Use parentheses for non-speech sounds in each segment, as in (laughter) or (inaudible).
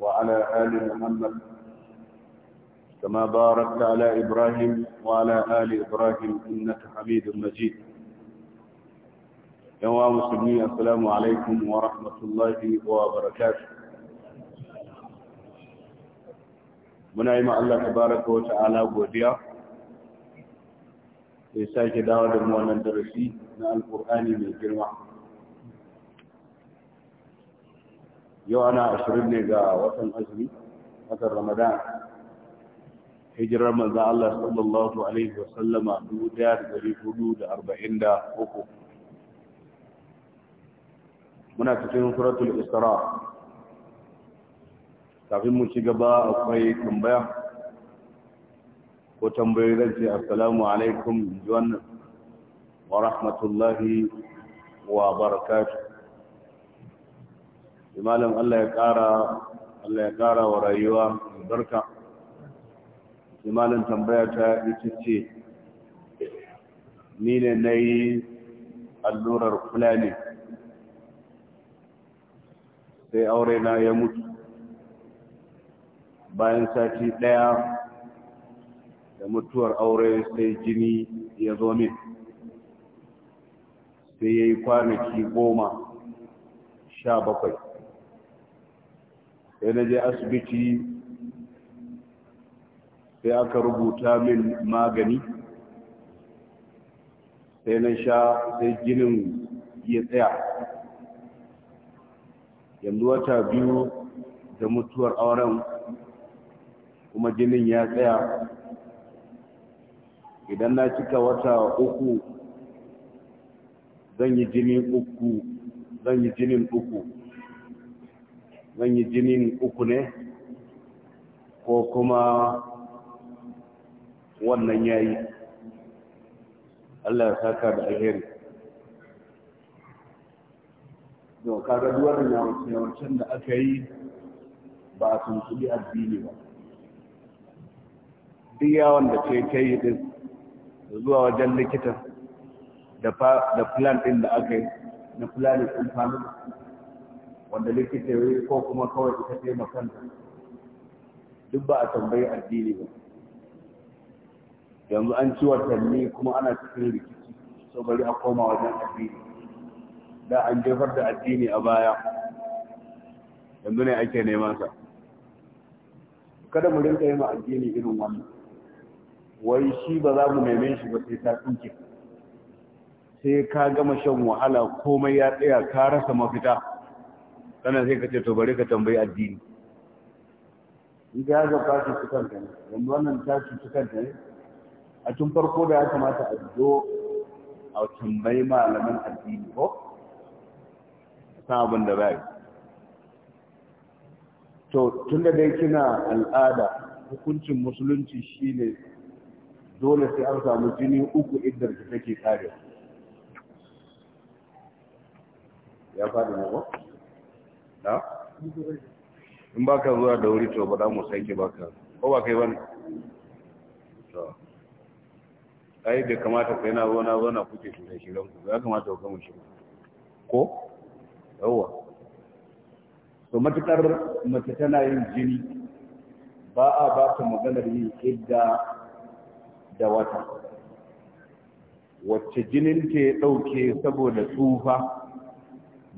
وعلى آل محمد كما باركت على إبراهيم وعلى آل إبراهيم إنك حميد مجيد يا مسلمين السلام عليكم ورحمة الله وبركاته muna yi الله تبارك وتعالى wata ala godiya da ya sake من da wannan darasi yau ana ashirin ne ga watan azumi watan ramadan hijirar manzo Allah sallallahu alaihi wa sallama 1443 muna cikin suratul isra kafin mu ci gaba akwai tambaya ko tambayoyi zan ce assalamu alaikum ji wannan wa rahmatullahi wa barakatuh malam Allah ya ƙara Allah ya ƙara wa rayuwa barka malam tambaya ta ita ce ni ne na yi allurar fulani sai aure na ya mutu bayan sati ɗaya da mutuwar aure sai jini ya zo min sai ya yi kwanaki goma sha bakwai sai na je asibiti sai aka rubuta min magani sai na sha sai jinin ya tsaya yanzu wata biyu da mutuwar auren kuma jinin ya tsaya idan na cika wata uku zan yi jini uku zan yi jinin uku zan yi jinin uku ne ko kuma wannan yayi Allah ya saka da alheri to kaga duwar yawancin da aka yi ba a tuntubi addini ba duk yawon da ce ta yi din zuwa wajen likita da plan din da aka yi na planning wanda likita ya ko kuma kawai ita ce makanta duk ba a tambayi addini ba yanzu an ci watanni kuma ana cikin rikici so bari a koma wajen addini da an jefar da addini a baya yanzu ne ake neman sa kada mu rinka yi ma addini irin wannan wai shi ba za mu neme shi ba sai ta tsinke sai ka gama shan wahala komai ya tsaya ka rasa mafita kana sai ka ce to bari ka tambayi addini in ka yaga ka cuci ta ne yanzu wannan ta cuci ta ne a tun farko da ya kamata a zo a tambayi malaman addini ko san abin da bai to tun da dai kina al'ada hukuncin musulunci shine dole sai an samu jini uku idan take kare ya faɗi ne ko na? in ba ka zuwa da wuri to ba za mu sake ba ka ko ba kai ba ne? to ai bai kamata kai na zo na kuke shirya shirin ku ya kamata ku gama shirin ko? yawwa to matukar mace tana yin jini ba a ba ta maganar yin idda da wata wacce jinin ta ya ɗauke saboda tsufa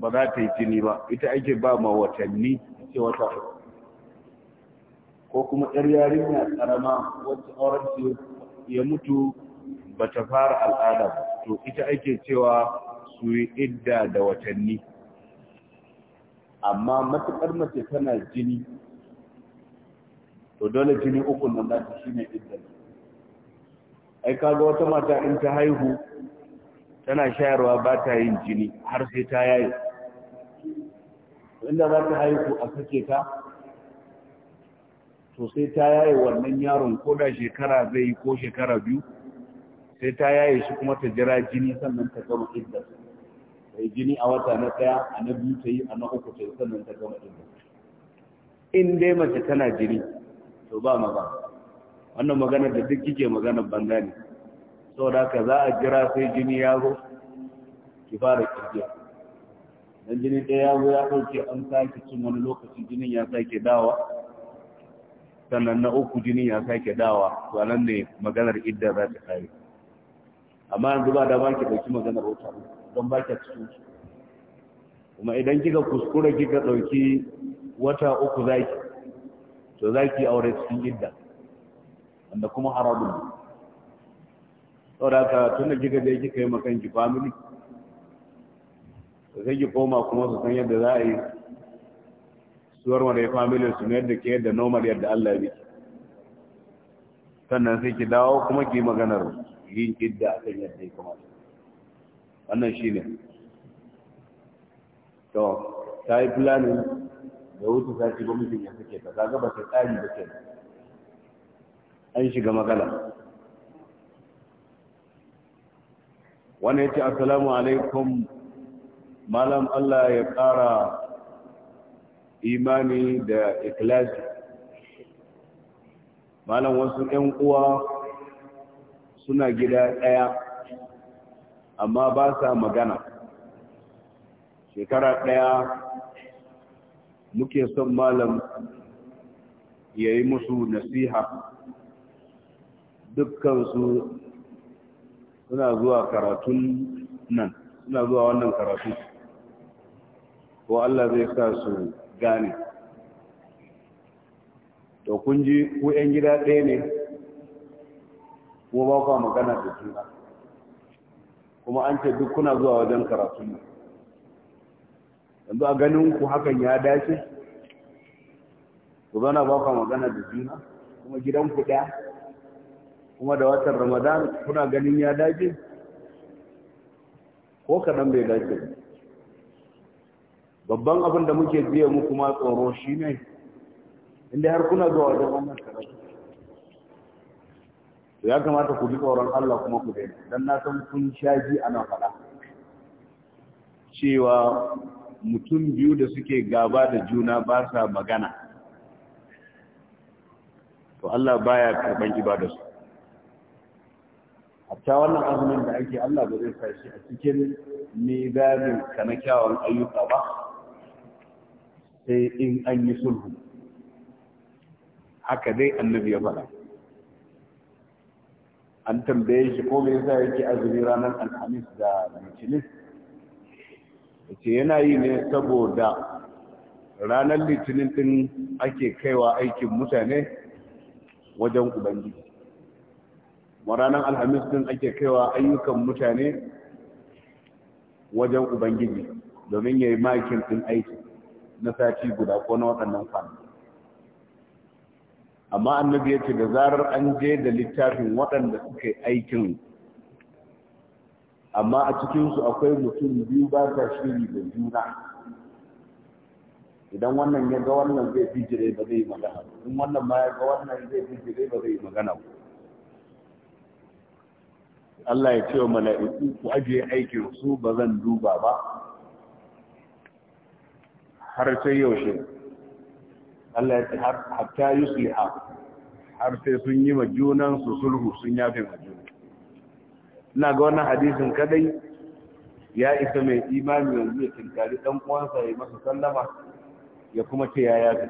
ba za ta yi jini ba ita ake ba ma watanni ce wata ko kuma yar yarinya ƙarama, wacce auren ya mutu ba ta fara al'ada to ita ake cewa su yi idda da watanni amma matuƙar mace tana jini to dole jini uku nan za ta shi ne idda ai kaga wata mata in ta haihu tana shayarwa ba ta yin jini har sai ta yaye inda za ta haihu a sake ta to sai ta yaye wannan yaron ko da shekara zai yi ko shekara biyu sai ta yaye shi kuma ta jira jini sannan ta gama idda ta yi jini a wata na daya a na biyu ta yi a na uku ta yi sannan ta gama idda in dai mace tana jini to ba ma ba wannan maganar da duk kike maganar banza ne saboda haka za a jira sai jini ya zo ki fara kirgiya dan jini ɗaya ya zo ya ɗauke an sake cin wani lokaci jinin ya sake dawa sannan na uku jinin ya sake dawa to nan ne maganar idda za ta kare amma yanzu ba da ba ki ɗauki maganar wata don ba ki cikin su kuma idan kika kuskura kika ɗauki wata uku zaki to zaki aure cikin idda wanda kuma haramun saboda ka tun kika je kika yi makanki family sai ki koma kuma su san yadda za a yi suwar wanda ya familin su ne yadda ke yadda normal yadda Allah ya biki sannan sai ki dawo kuma ki maganar yin idda akan yadda ya kamata wannan shi ne to ta yi planning da wuce sati bamu mutum ya suke ta kaga ba ta tsari ba ke an shiga magana wannan ya ce assalamu alaikum malam Allah ya ƙara imani da ikilasi malam wasu ‘yan uwa suna gida ɗaya amma ba sa magana shekara ɗaya muke son malam ya yi musu nasiha dukkansu suna zuwa karatun nan suna zuwa wannan karatun ko Allah zai sa su gane to kun ji ku 'yan gida ɗaya ne ko ba ku magana da juna kuma an ce duk kuna zuwa wajen karatu ne yanzu a ganin ku hakan ya dace ku zana ba ku magana da juna kuma gidan ku ɗaya kuma da watan ramadan kuna ganin ya dace ko kaɗan bai dace babban abin da muke biya muku ma tsoro shi ne inda har kuna zuwa wajen wannan karatu ya kamata ku bi tsoron Allah kuma ku dai dan na san kun shaji ana faɗa cewa mutum biyu da suke gaba da juna ba sa magana to Allah baya karban su hatta wannan azumin da ake Allah ba zai sa shi a cikin mizanin ka na kyawun ayyuka ba sai in an yi sulhu haka dai annabi ya faɗa an tambaye shi ko me yasa yake azumi ranar alhamis da litinin yace yana yi ne saboda ranar litinin din ake kaiwa aikin mutane wajen ubangiji kuma ranar alhamis din ake kaiwa ayyukan mutane wajen ubangiji domin ya yi makin din aiki na sati guda ko na waɗannan kwanaki amma annabi ya ce da zarar an je da littafin waɗanda suka aikin amma a cikinsu akwai mutum biyu ba ta shiri da juna idan wannan ya ga wannan zai jire ba zai magana in wannan ma ya ga wannan zai jire ba zai magana Allah ya ce wa mala'iku ku ajiye aikin su ba zan duba ba har sai yaushe Allah ya ce har hatta yusliha har sai sun yi ma junan su sulhu sun yafe ma ina ga wannan hadisin kadai ya isa mai imani yanzu ya tinkari dan uwansa ya masa sallama ya kuma ce ya ga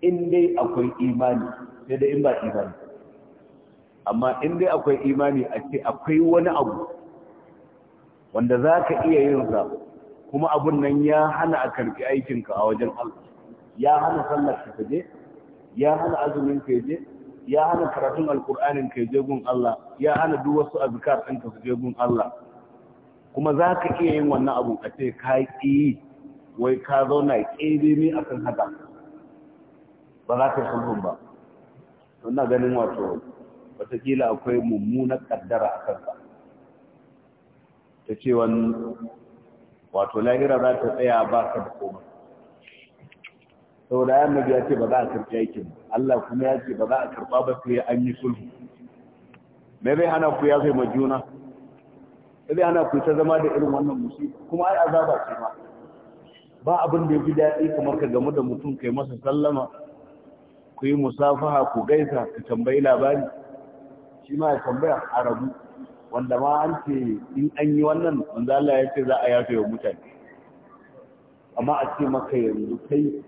in dai akwai imani sai dai in ba imani amma in dai akwai imani a ce akwai wani abu wanda za ka iya yin zaɓo kuma abun nan ya hana a aikin aikinka a wajen Allah ya hana sallar ka je ya hana azumin ka je ya hana karatun alkur'anin ka je gun Allah ya hana duk wasu azkar ɗin ka je gun Allah kuma za ka iya yin wannan abun a ce ka yi wai ka zauna ƙere ne akan haka ba za ka yi sulhun ba wannan ganin wato Wataƙila akwai mummunar kaddara a kanka ta wani wato lahira za ta tsaya ba ka da komai saboda annabi ya ce ba za a karɓi aikin Allah kuma ya ce ba za a karfa ba yi an yi sulhu mai zai hana ku ya zai juna? zai hana ku ta zama da irin wannan musu kuma ai azaba ce ma ba abin da fi daɗi kamar ka gamu da mutum kai masa sallama ku yi musafaha ku gaisa ka tambayi labari shi ma ya tambaya a rabu wanda ma an ce in an yi wannan wanda Allah ya ce za a yafe wa mutane amma a ce maka yanzu kai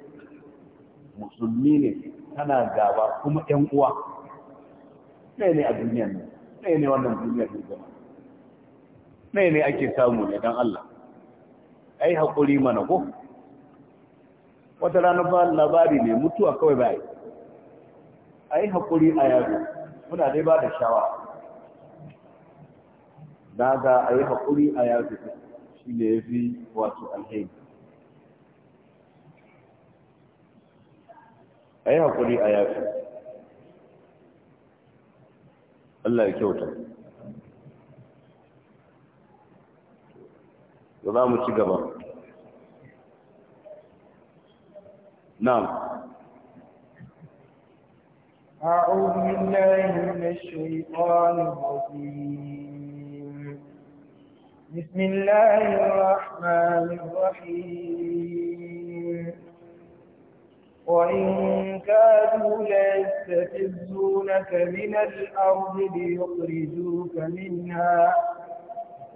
musulmi ne tana gaba kuma ɗan uwa ɗaya ne a duniyar nan ɗaya ne wannan duniyar ne zama ɗaya ne ake samu ne don Allah ai haƙuri mana ko wata ranar ba labari ne mutuwa kawai bai ai haƙuri a yaro muna dai ba da shawara da ga a yi haƙuri a yafi shi ne ya fi wato alheri a yi haƙuri a yafi Allah ya kyauta Ba za mu ci gaba na'am أعوذ بالله من الشيطان الرجيم بسم الله الرحمن الرحيم وإن كادوا ليستفزونك من الأرض ليخرجوك منها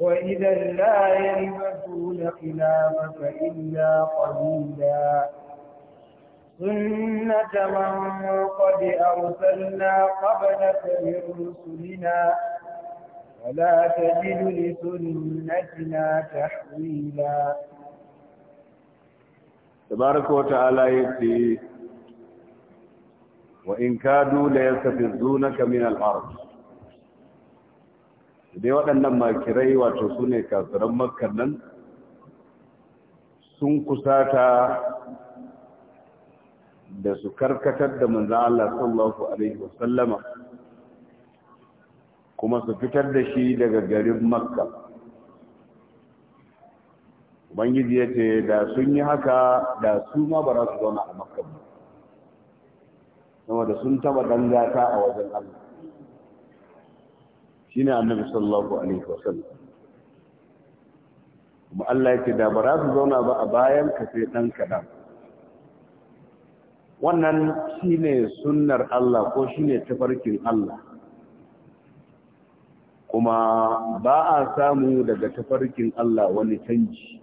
وإذا لا يلبثون خلافك إلا قليلا سنة من قد أرسلنا قبلك من رسلنا ولا تجد لسنتنا تحويلا تبارك وتعالى يتي وإن كادوا ليستفزونك من الأرض dai waɗannan makirai wato su ne kafiran makar nan sun kusata da su karkatar da manzan Allah sallallahu Alaihi wasallama kuma su fitar da shi daga garin makka ubangiji ya ce da sun yi haka da su ma ba su zauna a makka ba saboda sun taba dan gata a wajen allah shine annabi sallallahu alaihi wasallam kuma allah ya ce da ba su zauna ba a bayan ka sai dan kaɗan wannan shine sunnar allah ko shine tafarkin allah kuma ba a samu daga tafarkin Allah wani canji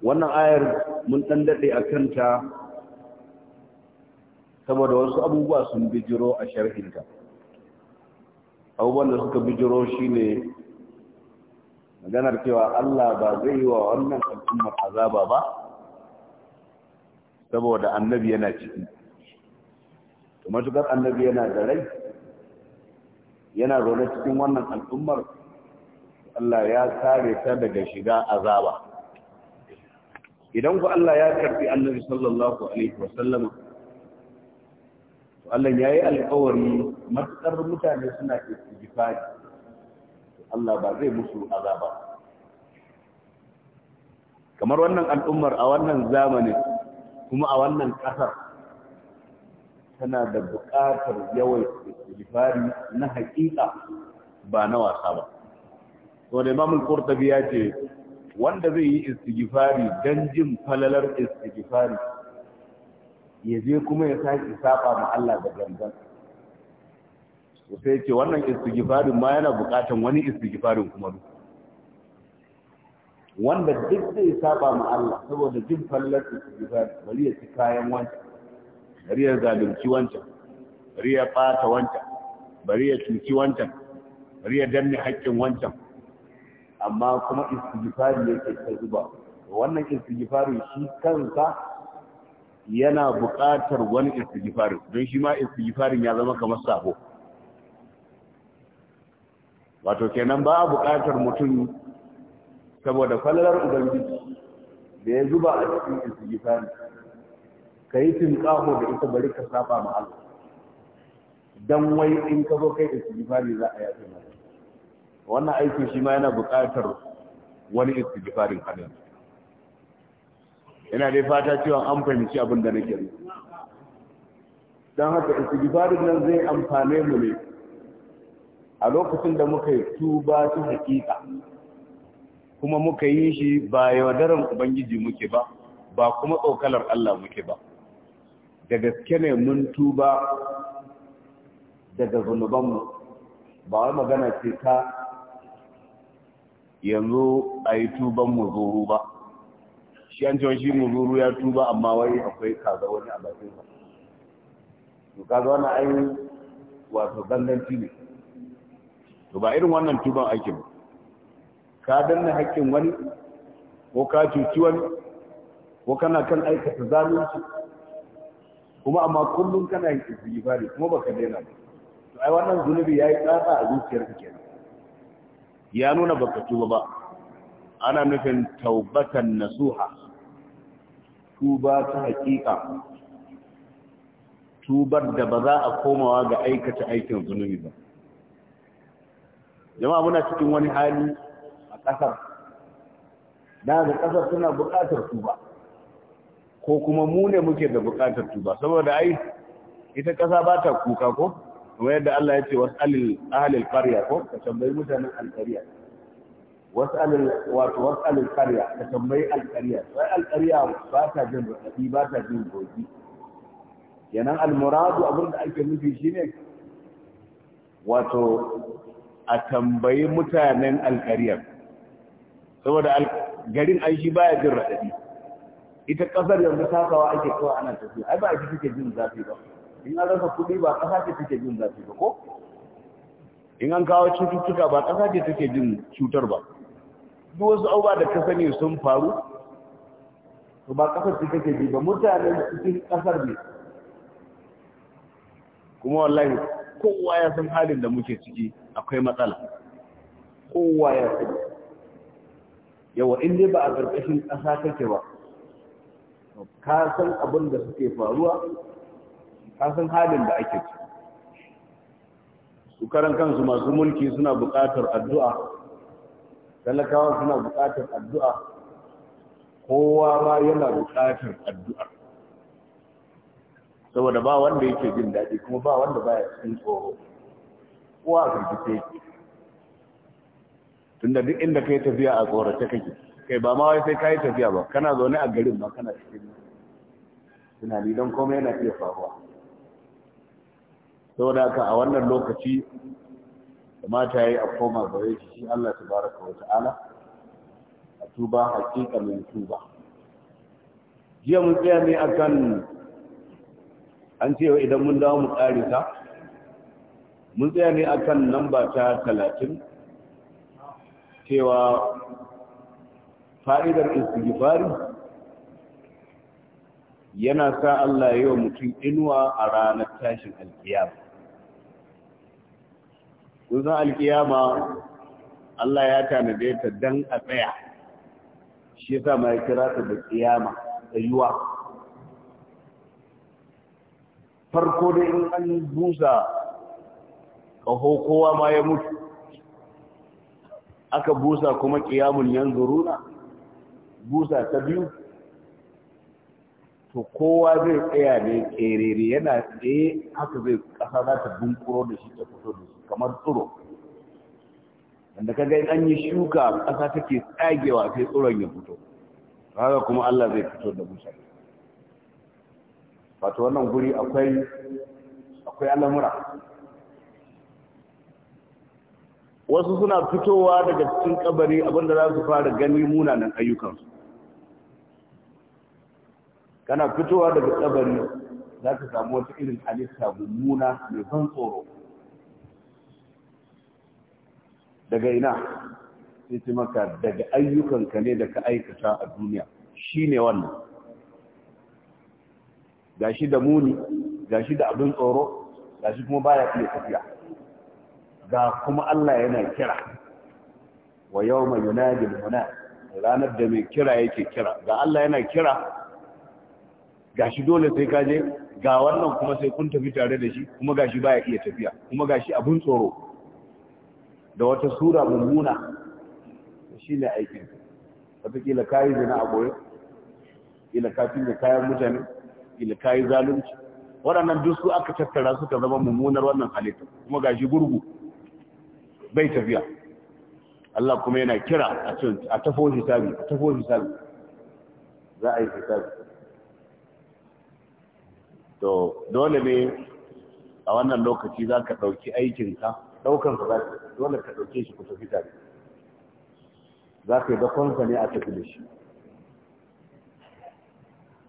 wannan ayar mun ɗan daɗe a kanta saboda wasu abubuwa sun bijiro a sharhinta abubuwan da suka bijiro shi ne maganar cewa Allah ba zai yi wa wannan al'ummar azaba ba saboda annabi yana ciki matukar annabi yana da rai yana zaune cikin wannan al'ummar Allah ya tsare ta daga shiga azaba idan ku Allah ya karbi annabi sallallahu alaihi wasallam to Allah yayi alƙawari matsar mutane suna istighfari Allah ba zai musu azaba kamar wannan al'ummar a wannan zamanin kuma a wannan ƙasar tana da buƙatar yawai istighfari na haƙiƙa ba na wasa ba to da Imam Qurtubi ya ce wanda zai yi istighfari dan jin falalar istighfari ya je kuma ya saki saba ma Allah da gangan to sai ce wannan istighfari ma yana buƙatar wani istighfari kuma wanda duk zai saba ma Allah saboda jin falalar istighfari bari ya ci kayan wani. bari ya zalunci wancan bari ya fata wancan bari ya cuci wancan bari ya danne haƙƙin wancan amma kuma istighfar yake ta zuba wannan istighfar shi kansa yana buƙatar wani istighfar don shi ma istighfar ya zama kamar sabo wato kenan ba a buƙatar mutum saboda fallar ubangiji da ya zuba a cikin istighfar ka yi tunƙaho da ita bari ka saba ma Allah dan wai in ka zo kai istighfari za a yafe maka wannan aiki shi ma yana buƙatar wani istighfarin hadin ina dai fata cewa an fahimci abin da nake yi dan haka istighfarin nan zai amfane mu ne a lokacin da muka yi tuba ta hakika kuma muka yi shi ba yaudaran ubangiji muke ba ba kuma tsokalar Allah muke ba da gaske ne mun tuba daga zunubanmu ba wai magana ce ta yanzu a yi tuban muzuru ba shi an cewa shi muzuru ya tuba amma wai akwai kaza wani a bakin sa to kaza wani ai wato ganganci ne to ba irin wannan tuban ake ba ka danna haƙƙin wani ko ka cuci wani ko kana kan aikata zalunci kuma amma kullum kana yin istighfari kuma baka daina ba to ai wannan zunubi yayi tsatsa a zuciyarka kenan ya nuna baka tuba ba ana nufin taubatan nasuha tuba ta hakika tubar da ba za a komawa ga aikata aikin zunubi ba jama'a muna cikin wani hali a ƙasar da ga ƙasar suna buƙatar tuba ko kuma mu ne muke da bukatar tuba saboda ai ita kasa ba ta kuka ko kuma yadda Allah ya ce was'alil ahlil qarya ko ka tambayi mutanen alqarya was'alil wato was'alil qarya ka tambayi alqarya sai alqarya ba ta jin radadi ba ta jin goji kenan almuradu abin da ake nufi shine wato a tambayi mutanen alqarya saboda garin an shi baya jin radadi ita kasar yanzu kawo ake kawai ana tafiya ai ba ita take jin zafi ba in an rasa kuɗi ba ƙasa ce take jin zafi ba ko in an kawo cututtuka ba ƙasa ce take jin cutar ba duk wasu abubuwa da ka sani sun faru to ba ƙasar ce take ji ba mutanen cikin ƙasar ne kuma wallahi kowa ya san halin da muke ciki akwai matsala kowa ya san yawa in dai ba a ƙarƙashin ƙasa take ba ka san abin da suke faruwa ka san halin da ake ci su karan kansu masu mulki suna buƙatar addu'a talakawa suna buƙatar addu'a kowa ma yana buƙatar addu'a saboda ba wanda yake jin daɗi kuma ba wanda baya cikin tsoro kowa a karfi tunda duk inda kai tafiya a tsorace kake kai ba ma wai sai kayi tafiya ba kana zaune a garin ba kana cikin tunani don komai yana iya faruwa da aka a wannan lokaci kamata yayi a koma gare shi shi Allah tabaraka wa ta'ala a tuba hakika mai tuba jiya mun tsaya ne akan an ce idan mun dawo mu karisa mun tsaya ne akan namba ta talatin cewa fa'idar istighfari yana sa Allah ya yi wa mutum inuwa a ranar tashin alkiyama kusan alkiyama Allah ya tanade ta dan a tsaya shi sa ma ya kira ta da kiyama tsayuwa farko da in an busa ƙaho kowa ma ya mutu aka busa kuma ƙiyamun yanzu runa busa ta biyu to kowa zai tsaya ne kerere yana tsaye haka zai kasa za ta bunkuro da shi ta fito da shi kamar tsiro wanda ka ga an yi shuka kasa take tsagewa sai tsoron ya fito haka kuma Allah zai fito da mutane wato wannan guri akwai akwai al'amura wasu suna fitowa daga cikin kabari abinda za su fara gani munanan ayyukansu kana fitowa daga tsabari za ka samu wata irin halitta mummuna mai ban tsoro daga ina sai ce maka daga ayyukanka ne da ka aikata a duniya shi ne wannan ga shi da muni ga shi da abin tsoro ga shi kuma baya iya tafiya ga kuma Allah yana kira wa yau mai yunajin muna ranar da mai kira yake kira ga Allah yana kira gashi dole sai ka je ga wannan kuma sai kun tafi tare da shi kuma gashi baya iya tafiya kuma gashi abun tsoro da wata sura mummuna shi ne aikin wata kila kayi zina a goyon ila kafin da kayan mutane ila kayi zalunci waɗannan duk su aka tattara suka zama mummunar wannan halitta kuma gashi gurgu bai tafiya Allah kuma yana kira a tafo hisabi a tafo hisabi za a yi hisabi to dole ne a wannan lokaci za ka ɗauki aikinka ɗaukansa za ka dole ka ɗauke shi ku tafi tare za ka yi zakonsa ne a tafi da shi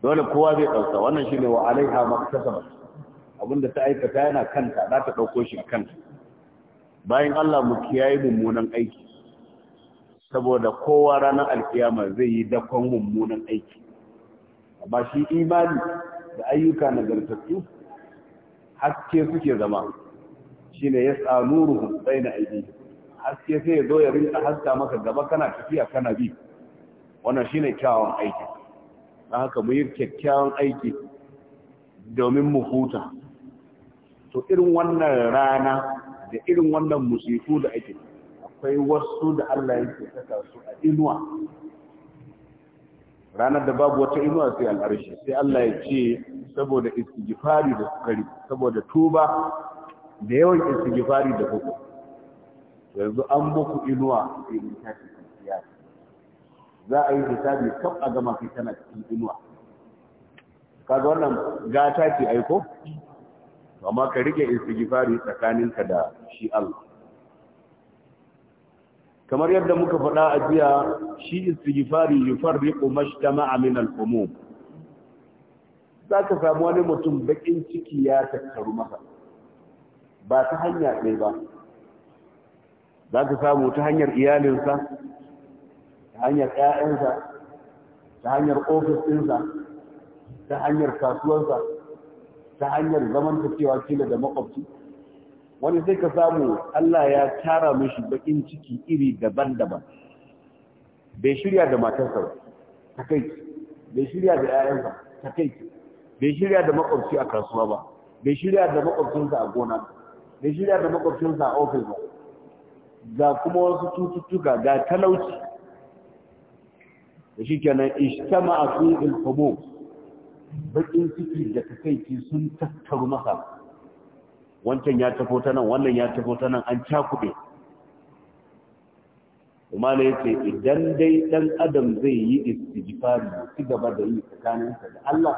dole kowa zai ɗauka wannan shi ne wa alaiha makasaba abinda ta aikata yana kanta za ta ɗauko shi kanta bayan Allah mu kiyaye mummunan aiki saboda kowa ranar alkiyama zai yi dakon mummunan aiki amma shi imani da ayyuka nagartattu haske suke zama shine ya tsanuruhum baina aiki haske sai ya zo ya rinka haska maka gaba kana tafiya kana bi wannan shine kyawun aiki dan haka mu yi kyakkyawan aiki domin mu huta to irin wannan rana da irin wannan musifu da ake akwai wasu da Allah yake saka su a inuwa ranar da babu wata inuwa sai al'arshi sai Allah ya ce saboda istighfari da sukari saboda tuba da yawan istighfari da kuku yanzu an muku inuwa sai in tafi kiyaya za a yi hisabi kaf a gama kai tana cikin inuwa kaga wannan gata ce aiko amma ka rike istighfari tsakaninka da shi Allah kamar yadda muka faɗa a jiya shi istighfari yufarriqu mashtama'a min al-umum zaka samu wani mutum bakin ciki ya tattaru masa ba ta hanya ɗaya ba zaka samu ta hanyar iyalinsa ta hanyar ƴaƴansa ta hanyar ofis ɗinsa ta hanyar kasuwarsa ta hanyar zamantakewa kila da makwabci wani sai ka samu Allah ya tara mishi bakin ciki iri daban-daban bai shirya da matarsa ta kai bai shirya da 'ya'yansa ta kai bai shirya da makwabci a kasuwa ba bai shirya da makwabcinsa a gona bai shirya da makwabcinsa a ofis ba ga kuma wasu cututtuka ga talauci da shi kenan ishtama a fi ilfamo bakin ciki da kai sun tattaru masa wancan ya tafo ta nan wannan ya tafo ta nan an cakube kuma ne yace idan dai dan adam zai yi istighfari ci gaba da yi tsakaninsa da Allah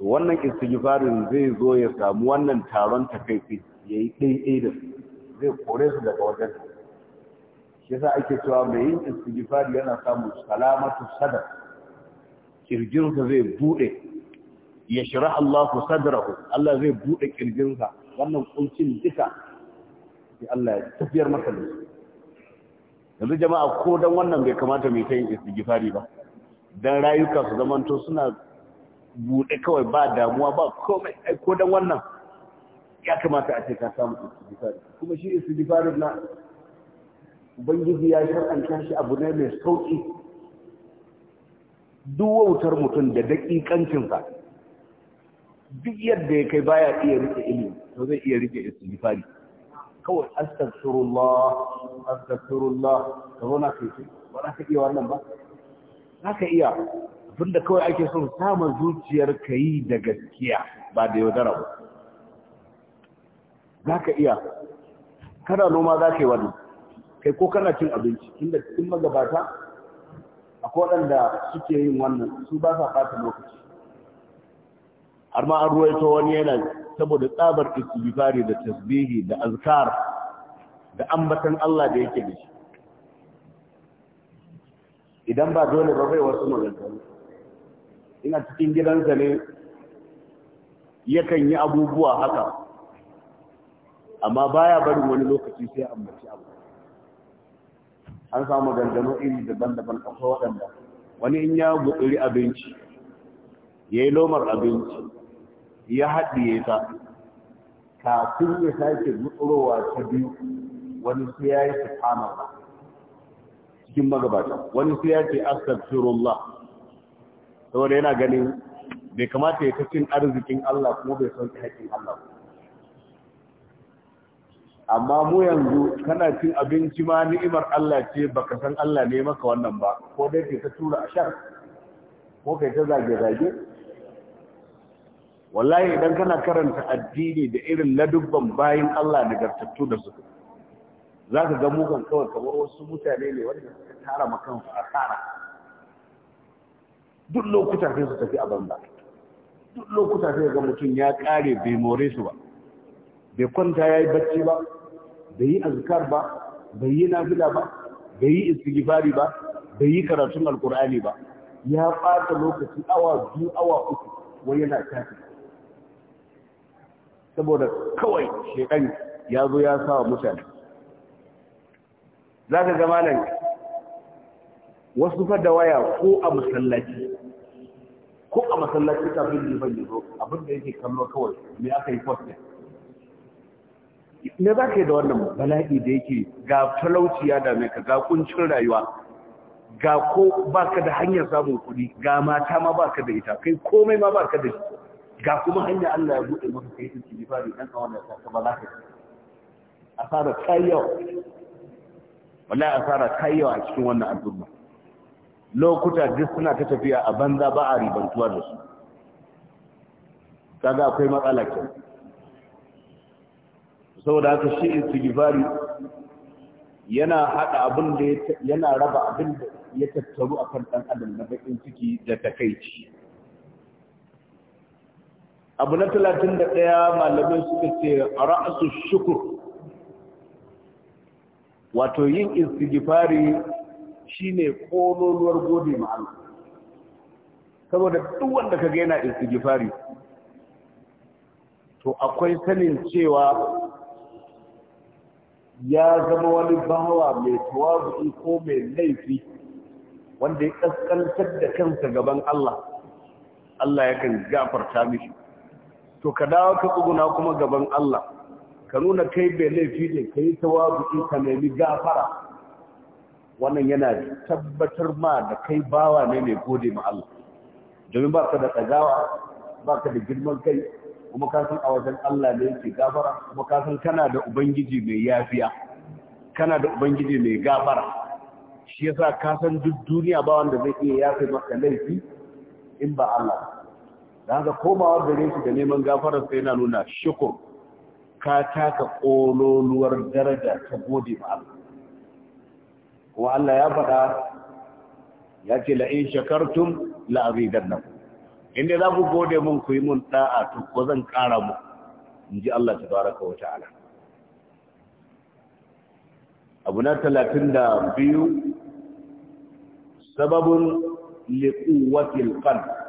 to wannan istighfarin zai zo ya samu wannan taron ta takaifi yayi daidai da zai kore su daga wajen shi yasa ake cewa mai yin istighfari yana samun salamatu sadaq ka zai bude ya shira Allah sadarahu, Allah zai bude kirjinsa wannan kuncin duka Ya Allah ya tafiyar masa da yanzu jama'a ko dan wannan bai kamata mu ta yin istighfari ba dan rayuka su zamanto suna bude kawai ba damuwa ba komai ai ko dan wannan ya kamata a ce ka samu istighfari kuma shi istighfarin na ubangiji ya shar'anta shi abu ne mai sauki duk wautar mutum da daƙiƙancinsa duk yadda ya kai baya iya rike ilimi to zai iya rike istighfari kawai astaghfirullah astaghfirullah ka zo na kai ba za ka iya wannan ba za ka iya abinda kawai ake son sama zuciyar ka yi da gaskiya ba da yaudara ba za ka iya kana noma za ka yi wannan kai ko kana cin abinci inda cikin magabata akwai waɗanda suke yin wannan su ba sa ɓata lokaci har ma an ruwaito wani yana saboda tsabar istighfari da tasbihi da azkar da ambatan Allah da yake da shi idan ba dole ba bai wasu maganganu ina cikin gidansa ne yakan yi abubuwa haka amma baya barin wani lokaci sai ambaci abu an samu maganganu iri daban-daban akwai waɗanda wani in ya gutsuri abinci ya yi lomar abinci ya haɗiye ta kafin ya sake mutsurowa ta biyu wani su ya yi subhanallah cikin magabata wani su ya ce astagfirullah saboda yana ganin bai kamata ya cin arzikin Allah kuma bai sauke haƙƙin Allah amma mu yanzu kana cin abinci ma ni'imar Allah ce baka san Allah ne maka wannan ba ko dai ke ta tura ashar ko kai ta zage zage wallahi idan kana karanta addini da irin ladubban bayin Allah gartattu da su za ka ga mugan kawai kamar wasu mutane ne wanda suka tara makansu a tsara duk lokuta sai su tafi a banza duk lokuta sai ga mutum ya kare bai more su ba bai kwanta ya yi bacci ba bai yi azkar ba bai yi nafila ba bai yi istighfari ba bai yi karatun alkur'ani ba ya ɓata lokaci awa biyu awa uku wai yana tafi saboda kawai shekan ya zo ya sa wa mutane za ka gama nan wasu fada waya ko a masallaci ko a masallaci kafin liban ya zo abinda yake kallo kawai me aka yi kwastin ne za ka yi da wannan bala'i da yake ga talauci ya dame ka ga kuncin rayuwa ga ko baka da hanyar samun kuɗi ga mata ma baka da ita kai komai ma baka da shi ga kuma hanya Allah ya buɗe masa kai sun ciki fari ɗan kawai da ta ba za ka yi asara ta yawa wallahi asara ta yawa a cikin wannan al'umma lokuta duk suna ta tafiya a banza ba a ribantuwa da su kaga akwai matsala ke saboda haka shi istighfari yana hada abin da yana raba abin da ya tattaru akan dan adam na bakin ciki da takeici abu na talatin da ɗaya malamai suka ce ra'asu shukur wato yin istighfari shine kololuwar gode ma Allah saboda duk wanda ka gaina istigifari to akwai sanin cewa ya zama wani bawa mai tawazu ko mai laifi wanda ya kaskantar da kansa gaban Allah Allah yakan gafarta mishi to ka dawo ka tsuguna kuma gaban Allah ka nuna kai bai laifi ne ka yi in ka nemi gafara wannan yana tabbatar ma da kai bawa ne mai gode ma Allah domin ba ka da tsagawa ba ka da girman kai kuma ka san a wajen Allah ne yake gafara kuma ka san kana da ubangiji mai yafiya kana da ubangiji mai gafara shi yasa ka san duk duniya ba wanda zai iya yafe maka laifi in ba Allah da haka komawa gare shi da neman gafarar sai na nuna shukur ka taka kololuwar daraja ta gode ba Allah kuma Allah ya faɗa ya ce la'in shakartum la'azidan nan inda za ku gode mun ku yi mun ɗa'a to ko zan ƙara mu in ji Allah ta baraka wa ta'ala abu na talatin da biyu sababin liƙuwatil qalb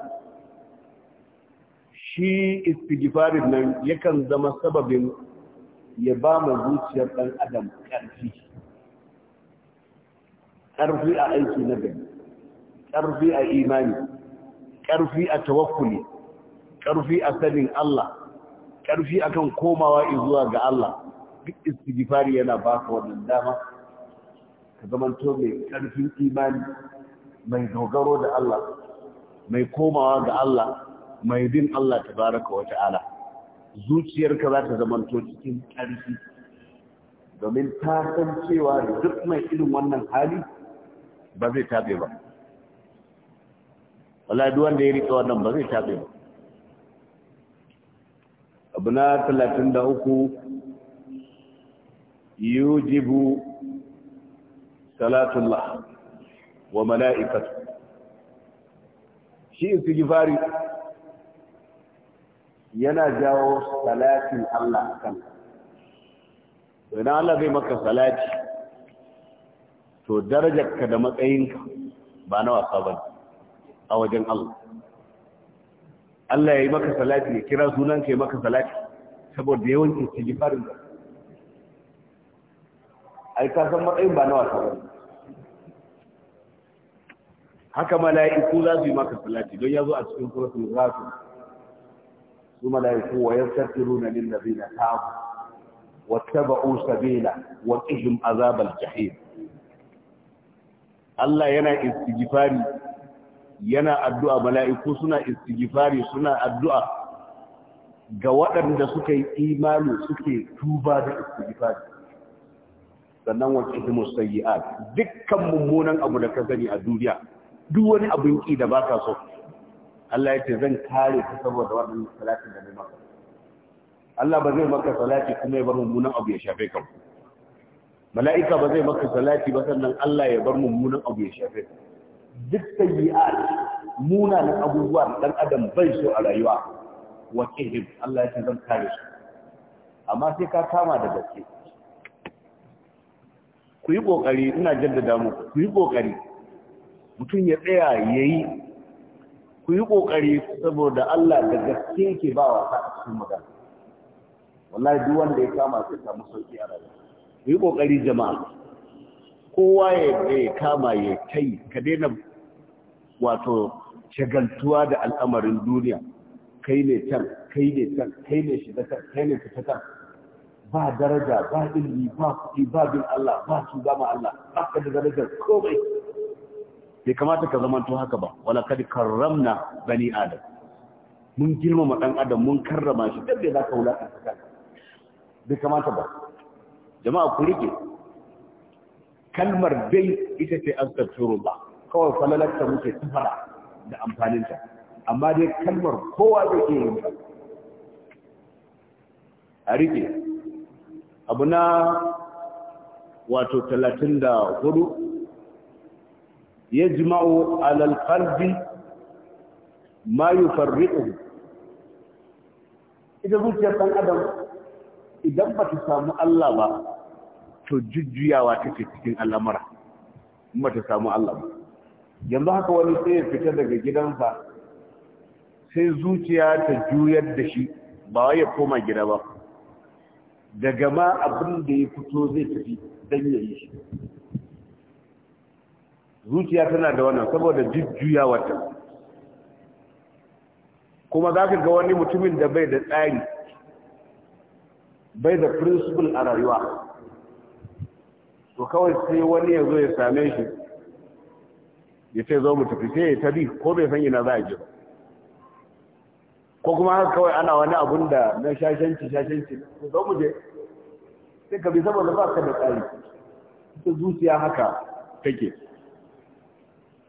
shi istighfarin nan yakan zama sababin ya ba mu zuciyar ɗan adam ƙarfi ƙarfi a aiki na gari ƙarfi a imani ƙarfi a tawakkuli ƙarfi a sanin Allah ƙarfi akan komawa zuwa ga Allah duk istighfari yana ba ka wannan dama ka to mai ƙarfin imani mai dogaro da Allah mai komawa ga Allah mai bin Allah baraka wa ta'ala zuciyarka za ta zamanto cikin ƙarfi domin ta san cewa duk mai irin wannan hali ba zai tabe ba wala duk wanda ya riƙe wannan ba zai tabe ba abu na 33 yujibu salatullah wa mala'ikatu shi in istighfari yana jawo salatin Allah a kanka idan Allah zai maka salati to darajarka da matsayinka ba na wasa ba a wajen Allah Allah ya yi maka salati ya kira sunanka ya maka salati saboda yawancin cikifarin da ai ka san matsayin ba na wasa ba haka mala'iku za su yi maka salati don ya zo a cikin suratul ghafir su mala'iku wa yastaghfiruna lil ladina tabu wattaba'u sabila wa qihim azabal jahim Allah yana istighfari yana addu'a mala'iku suna istighfari suna addu'a ga waɗanda suka yi imani suke tuba da istighfari sannan wa qihim sayyi'at dukkan mummunan abu da ka sani a duniya duk wani abin ki da baka so Allah ya ce zan kare ka saboda wannan salatin da mai maka Allah ba zai maka salati kuma ya bar mummunan abu ya shafe ka mala'ika ba zai maka salati ba sannan Allah ya bar mummunan abu ya shafe ka duk sayyi'at munanan abubuwa dan adam bai so a rayuwa wa kihim Allah ya ce zan kare su amma sai ka kama da gaske ku yi kokari ina jaddada muku ku yi kokari mutum ya tsaya yayi ku yi kokari saboda Allah da gaske yake ba wa a cikin magana wallahi duk wanda ya kama sai musu sauki a rayuwa ku yi kokari jama'a kowa ya kama ya kai ka daina wato shagaltuwa da al'amarin duniya kai ne can kai ne can kai ne shi can kai ne fita can ba daraja ba ilmi ba kuɗi ba bin Allah ba su gama Allah ba ka da darajar komai bai kamata ka to haka ba wala kad karramna bani adam mun girmama dan adam mun karrama shi dabbe za ka wula kanka bai kamata ba jama'a ku rike kalmar bai ita ce astaghfirullah kawai falalarta muke tafara da amfaninta amma dai kalmar kowa zai iya yin a rike abu na wato 34 يجمع على القلب ما يفرقه إذا قلت يا سن أدم إذا بتسامو الله با تججياوا take cikin al'amura kuma ta samu Allah ba yanzu haka wani sai ya fita daga gidansa sai zuciya ta juyar da shi ba wai ya koma gida ba daga ma abin da ya fito zai tafi dan yayi shi zuciya tana da wannan saboda jujjuya wata kuma za ka ga wani mutumin da bai da tsari bai da principle a rayuwa to kawai sai wani ya zo ya same shi ya ce zo mu tafi sai ya tabi ko bai san ina za a je ko kuma haka kawai ana wani abun da na shashanci shashanci ko zo mu je sai ka bi saboda ba ka da tsari ita zuciya haka take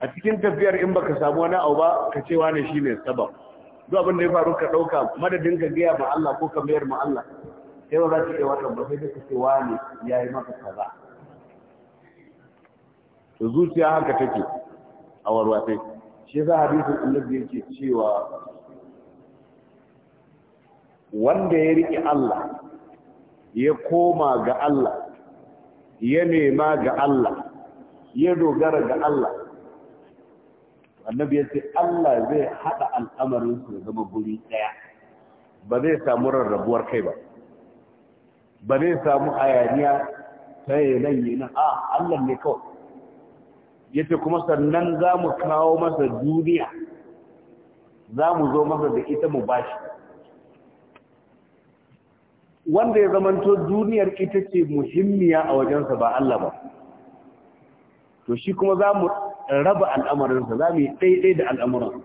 a cikin tafiyar in baka samu wani abu ba ka ce wani shi ne sabab duk abin da ya faru ka ɗauka madadin ka gaya ma Allah ko ka mayar ma Allah sai ba za ka iya wata ba sai ka ce wani ya yi maka kaza to zuciya haka take a warwatsai shi yasa hadisin annabi yake cewa wanda ya riƙe Allah ya koma ga Allah ya nema ga Allah ya dogara ga Allah annabi ya ce Allah zai haɗa al'amarin su zama guri ɗaya ba zai samu rarrabuwar kai ba ba zai samu hayaniya ta yanan yanan a Allah ne kawai ya ce kuma sannan za mu kawo masa duniya za mu zo masa da ita mu bashi wanda ya zamanto duniyar ita ce muhimmiya a wajensa ba Allah ba to shi kuma za mu raba al'amarinsa za mu yi daidai da al'amuran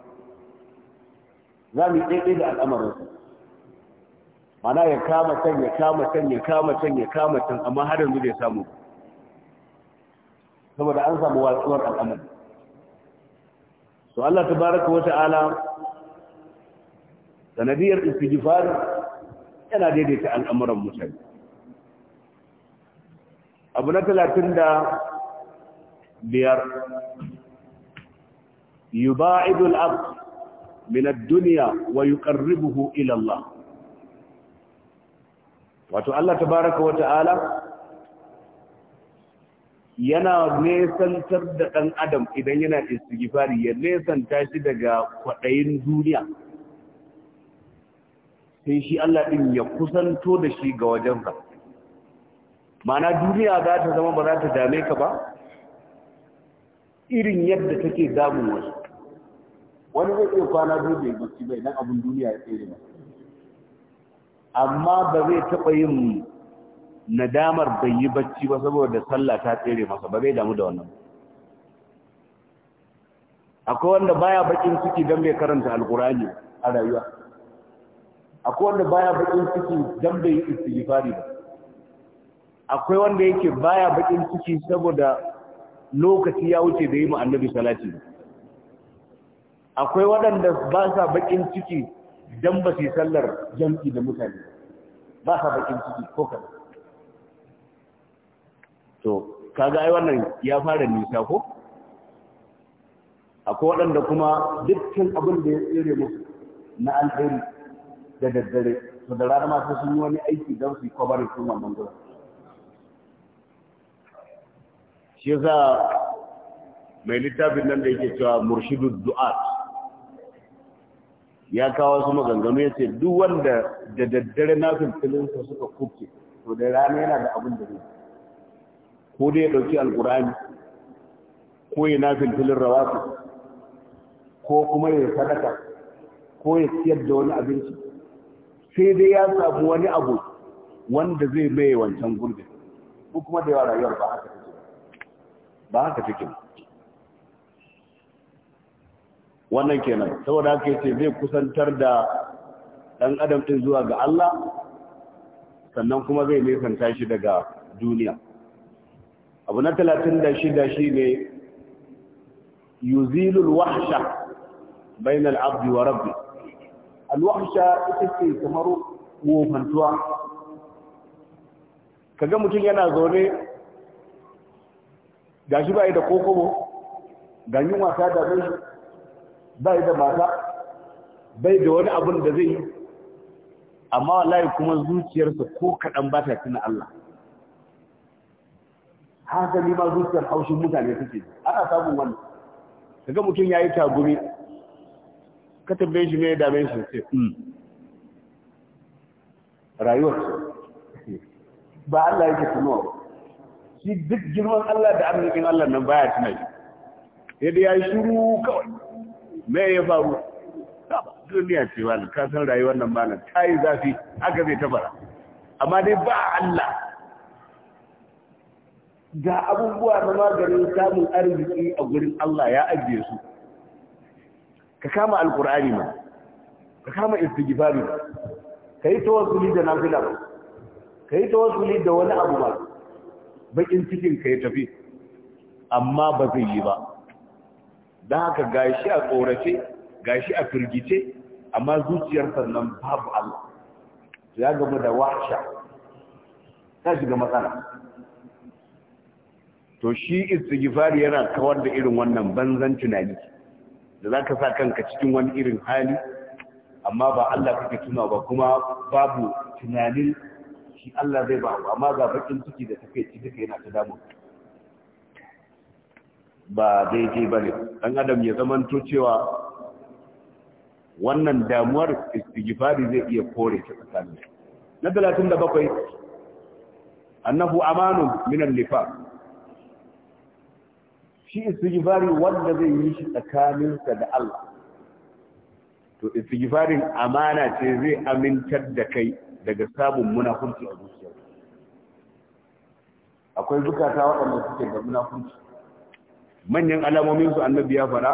za mu yi daidai da al'amarinsa mana ya kama can ya kama can ya kama can ya kama can amma har yanzu bai samu saboda an samu watsuwar al'amari to Allah ta tabaraka wa ta'ala sanadiyar istighfar yana daidaita al'amuran mutane abu na talatin da biyar yuba'idu al-abd min ad-dunya wa yuqarribuhu ila Allah wato Allah tabaaraka wa ta'ala yana nesantar da ɗan adam idan yana istighfari ya nesanta shi daga kwaɗayin duniya sai shi Allah ɗin ya kusanto da shi ga wajensa mana duniya za ta zama ba za ta dame ka ba irin yadda take damun wasu wani zai iya kwana biyu bai bacci bai nan abin duniya ya tsere ba. amma ba zai taɓa yin nadamar bai yi bacci ba saboda sallah ta tsere masa ba zai damu da wannan akwai wanda baya bakin ciki don bai karanta alkurani a rayuwa akwai wanda baya bakin ciki don bai yi istighfari ba akwai wanda yake baya bakin ciki saboda lokaci ya wuce da yi mu annabi salati akwai waɗanda ba sa bakin ciki don ba su sallar jam'i da mutane ba sa bakin ciki ko kada to kaga ai wannan ya fara nisa ko akwai waɗanda kuma dukkan abin da ya tsere musu na alheri da daddare to da rana masu sun yi wani aiki don su yi kwabarin sun wannan gurin shi yasa mai littafin nan da yake cewa murshidu du'at ya kawo su maganganu ya ce duk wanda da daddare na filfilinsa suka kuke to da rana yana da abin da ne ko dai ya ɗauki alkurani ko ya na filfilin rawatu ko kuma ya sadaka ko ya siyar da wani abinci sai dai ya samu wani abu wanda zai mai wancan gurbin ko kuma da yawa rayuwar ba haka ba haka take wannan kenan saboda haka ce zai kusantar da dan adam din zuwa ga Allah sannan kuma zai nesanta shi daga duniya abu na 36 shine yuzilul wahsha bainal abdi wa rabbi wahsha ita ce kamar kaga mutum yana zaune ga shi bai da kokobo ga yin wasa da bai bai da mata bai da wani abin da zai yi amma wallahi kuma zuciyarsa ko kaɗan ba ta tuna Allah haka ma zuciyar haushin mutane take ana samun wannan kaga mutum yayi tagumi ka tambaye shi me da dame shi sai hmm, rayuwar (laughs) ba Allah yake tunawa ba shi duk girman Allah da arzikin Allah nan baya tunai sai dai yi shuru kawai me ya faru duniya ce wani ka san rayuwar nan ba nan, ta yi zafi aka zai ta fara amma dai ba Allah ga abubuwa na maganin samun arziki a gurin Allah ya ajiye su ka kama alkur'ani ma ka kama ma ka yi tawassuli da nafila ka yi wasu da wani abu ba bakin cikin ka ya tafi amma ba zai yi ba Dan haka gashi a tsorace gashi a firgice amma zuciyar sannan babu Allah ya gama da washa ta shiga matsala to shi istighfari yana kawar da irin wannan banzan tunani da zaka sa kanka cikin wani irin hali amma ba Allah kake tunawa ba kuma babu tunanin ciki Allah zai ba wa amma ga bakin ciki da take ci duka yana ta damu ba dai ba ne dan adam ya to cewa wannan damuwar istighfari zai iya kore ta tsakanin na 37 annahu amanu minan lifa shi istighfari wanda zai yi shi tsakaninsa da Allah to istighfarin amana ce zai amintar da kai daga sabon munafunci a zuciya akwai zukata waɗanda suke da munafunci manyan alamomin su annabi ya fara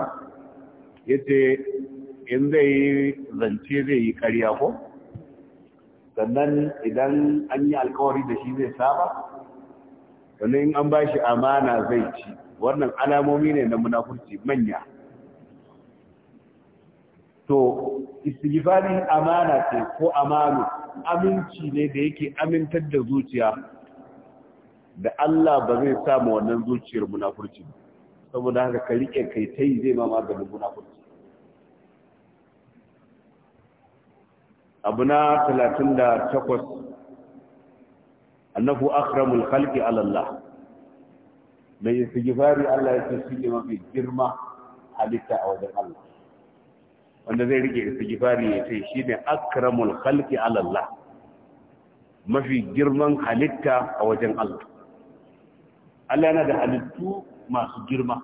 yace in zai yi zance zai yi ƙarya ko sannan idan an yi alkawari da shi zai saba sannan in an ba shi amana zai ci wannan alamomi ne na munafunci manya to istighfari amana ce ko amanu aminci ne da yake amintar da zuciya da Allah ba zai sa mu wannan zuciyar munafurci saboda haka ka rike kai tai zai ma maganin munafurci Abuna 38 annahu akramul khalqi ala Allah mai istighfari Allah yake ce shi ne mafi girma halitta a wajen Allah wanda zai rike istighfari ya ce shine akramul khalqi ala Allah mafi girman halitta a wajen Allah Allah yana da halittu masu girma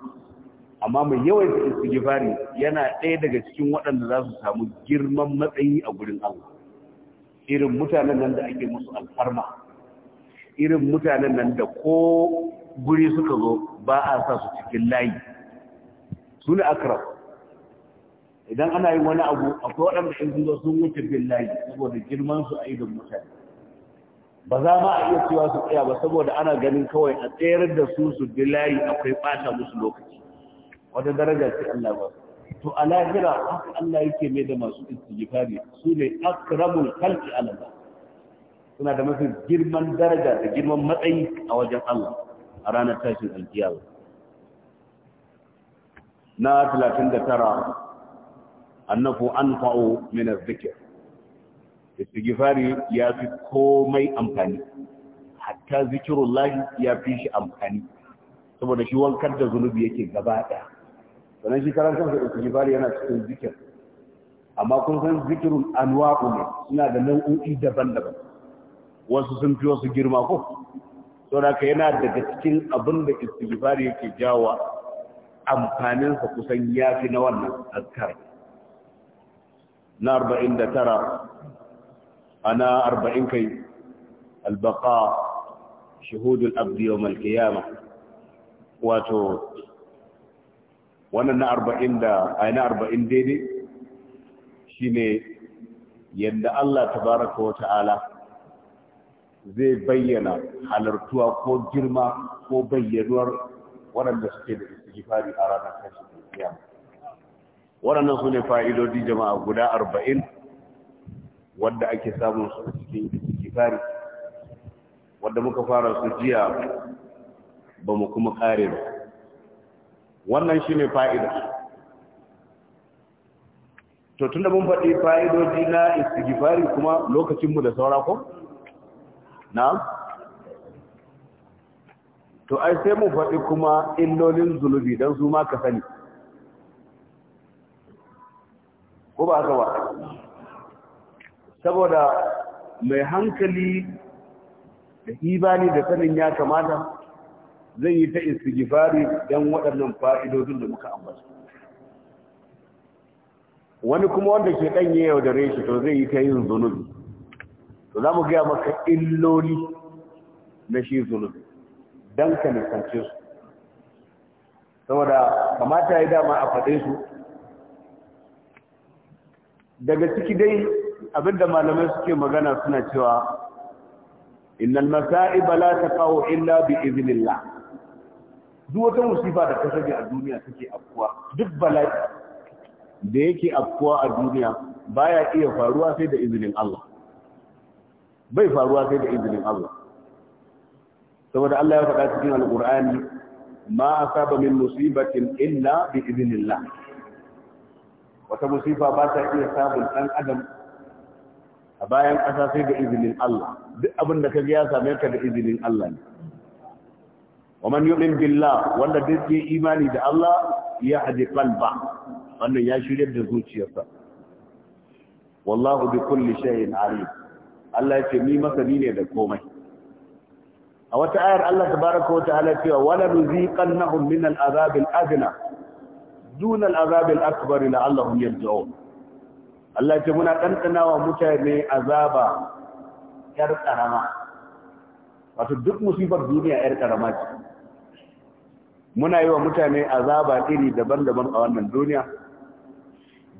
amma mai yawan gifari yana ɗaya daga cikin waɗanda za su samu girman matsayi a gurin Allah irin mutanen nan da ake musu alfarma irin mutanen nan da ko guri suka zo ba a sa su cikin layi su ne akram idan ana yin wani abu akwai waɗanda in sun zo sun wuce billahi saboda girman su a idon mutane ba za ma a iya cewa su tsaya ba saboda ana ganin kawai a tsayar da su su billahi akwai ɓata musu lokaci wata daraja ce Allah ba to a lahira haka Allah yake mai da masu istighfari su ne akramul khalqi alama suna da mafi girman daraja da girman matsayi a wajen Allah a ranar tashin alkiyama na 39 annahu an min az zikir. istighfari ya fi komai amfani hatta zikirullahi ya fi shi amfani saboda shi wankar da zunubi yake gaba ɗaya sannan shi karan kansa istighfari yana cikin zikir amma kun san zikirun anwa'u ne suna da nau'o'i daban-daban wasu sun fi wasu girma ko saboda ka yana daga cikin abin da istighfari yake jawa amfaninsa kusan ya fi na wannan azkar na arba'in da tara na arba'in kai albaka shahudul abdi malkiyama wato wannan na arba'in da a na arba'in daidai shi ne yadda Allah tabaraka wa ta'ala zai bayyana halartuwa ko girma ko bayyanuwar waɗanda suke da istighfari a ranar kashi kiyama waɗannan su ne fa'idodi jama'a guda arba'in wadda ake samun su a cikin kifari wadda muka fara su jiya ba mu kuma ƙare ba wannan shi ne fa'ida to tun da mun faɗi fa'idodi na istigifari kuma lokacinmu da saura ko? na? to ai sai mu faɗi kuma illolin zunubi don su ma ka sani ko ba haka ba saboda mai hankali da ibani da sanin ya kamata zai yi ta istighfari don waɗannan fa'idodin da muka ambata wani kuma wanda ke ɗanye yau da reshi to zai yi ta yin zunubi to za mu gaya maka illoli na shi zunubi don ka nisance su saboda kamata ya dama a faɗe su daga ciki dai abinda malamai suke magana suna cewa innal masa'ib la taqau illa bi iznillah duk wata musiba da ta shige a duniya take afkuwa duk bala'i da yake afkuwa a duniya baya iya faruwa sai da izinin Allah bai faruwa sai da izinin Allah saboda Allah ya faɗa cikin alqur'ani ma asaba min musibatin illa bi iznillah wata musifa ba ta iya sabon ɗan adam a bayan ƙasa sai da izinin Allah duk abin da ka ya same ka da izinin Allah ne wa man yu'min billah wanda duk ke imani da Allah ya hadi qalba wannan ya shirya da zuciyarsa wallahu bi kulli shay'in alim Allah ya ce ni masani ne da komai a wata ayar Allah tabaraka wa ta'ala cewa wala nuziqannahum min al-azab al-adna dun al'azab al-akbar la'allahum yarji'un Allah ce muna dandana wa mutane azaba yar karama wato duk musibar duniya yar karama ce muna yi wa mutane azaba iri daban-daban a wannan duniya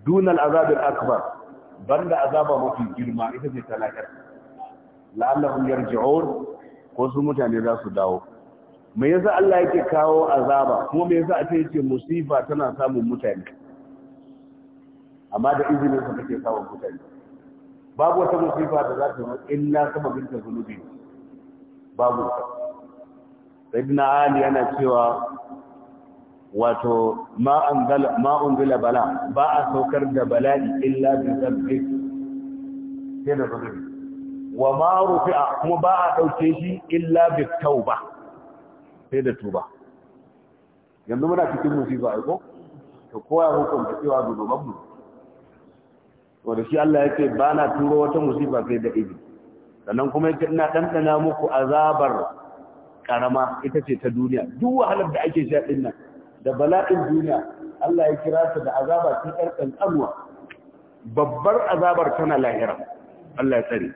dun al'azab al-akbar banda mafi girma ita ce talakar la'allahum yarji'un ko mutane za su dawo me yasa Allah yake kawo azaba kuma me yasa ake ce musifa tana samun mutane amma da izinin sa take samun mutane babu wata musifa da za ta zo illa sama binta zunubi babu wata. sayyidina ali yana cewa wato ma anzala ma unzila bala ba a saukar da bala'i illa bi zabbi sai da zunubi wa ma rufi'a kuma ba a dauke shi illa bi tauba sai da tuba yanzu muna cikin musifa, ba aiko to koya hukunta cewa zunuban mu wanda shi Allah yake ba na turo wata musifa sai da ibi sannan kuma yake ina ɗanɗana muku azabar karama ita ce ta duniya duk wahalar da ake sha din nan da bala'in duniya Allah ya kira ta da azaba ta karkan kanwa babbar azabar tana lahira Allah ya tsare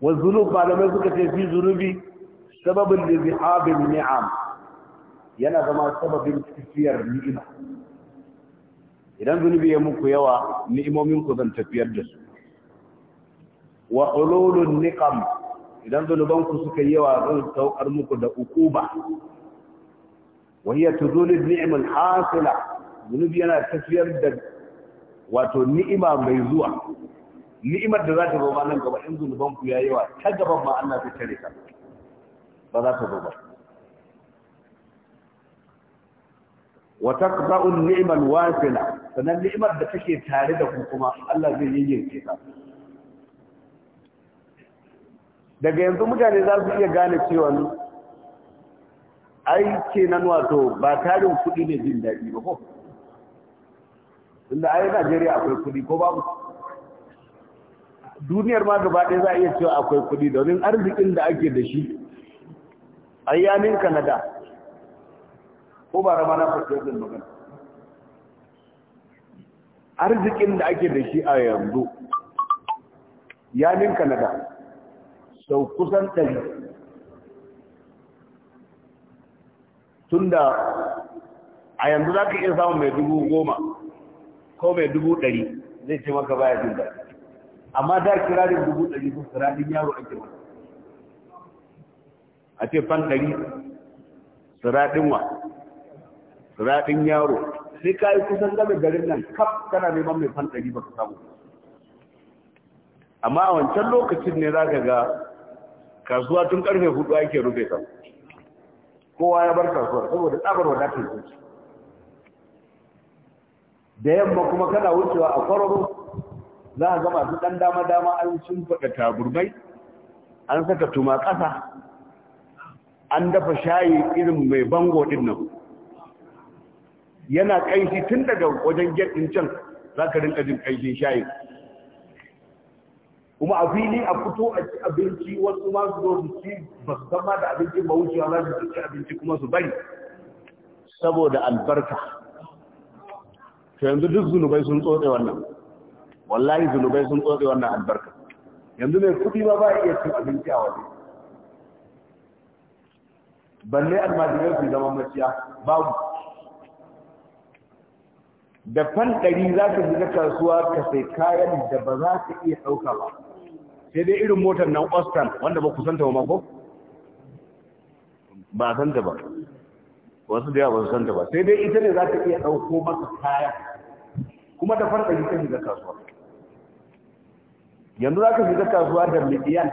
والذنوب zunub malamai suka ce fi zunubi sababin النعم ni'am yana zama sababin tafiyar ni'ima idan zunubi ya muku yawa ni'imomin ku zan tafiyar da su wa ululun niqam idan zunuban ku suka yawa zan saukar muku da ukuba wa hiya tuzulul ni'mal hasila zunubi yana tafiyar da wato ni'ima mai zuwa ni'imar da za ta zo ba nan gaba in zunuban ku yayi wa ta gaban ma Allah zai tare ka ba za ta zo ba wa taqba'u ni'man nimal wasila sanan ni'imar da take tare da ku kuma Allah zai yayyanke ta daga yanzu mutane za su iya gane cewa ai kenan wato ba tarin kuɗi ne jin daɗi ba ko tunda ai Najeriya akwai kuɗi ko babu duniyar ma gaba ɗaya za a iya cewa akwai kuɗi domin arzikin da ake da shi a yanin kanada ko ba rama na fasiyar magana arzikin da ake da shi a yanzu yanin kanada sau kusan ɗari tun da a yanzu za ka iya samun mai dubu goma ko mai dubu ɗari zai ce maka baya jin daɗi amma da kirarin dubu ɗari ko sarari yaro ake mata a ce fan ɗari sirarin wa sarari yaro sai ka yi kusan game garin nan kaf kana neman mai fan ɗari ba ka samu amma a wancan lokacin ne za ka ga kasuwa tun karfe hudu ake rufe ta kowa ya bar kasuwar saboda tsabar wadatar zuci da yamma kuma kana wucewa a kwararo za a gama su ɗan dama-dama an sun faɗa taburbai an saka tuma ƙasa an dafa shayi irin mai bango ɗin nan yana ƙaishi tun daga wajen gyaɗin can za ka rinka jin ƙaishin shayin kuma a fili a fito a ci abinci wasu ma su zo su ci ba su zama da abincin ba wucewa za su ci abinci kuma su bari saboda albarka to yanzu duk zunubai sun tsotse wannan wallahi zunubai sun tsotse wannan albarka yanzu mai kudi ba ba iya cin abinci a waje balle almajirai su zama maciya babu da fan ɗari za ka shiga kasuwa ka sai kayan da ba za ka iya ɗauka ba sai dai irin motar nan austin wanda ba ku santa ba mako ba santa ba wasu da yawa ba su santa ba sai dai ita ne za ka iya ɗauko masa kaya kuma da fan ɗari ka shiga kasuwa yanzu za ka shiga kasuwa da miliyan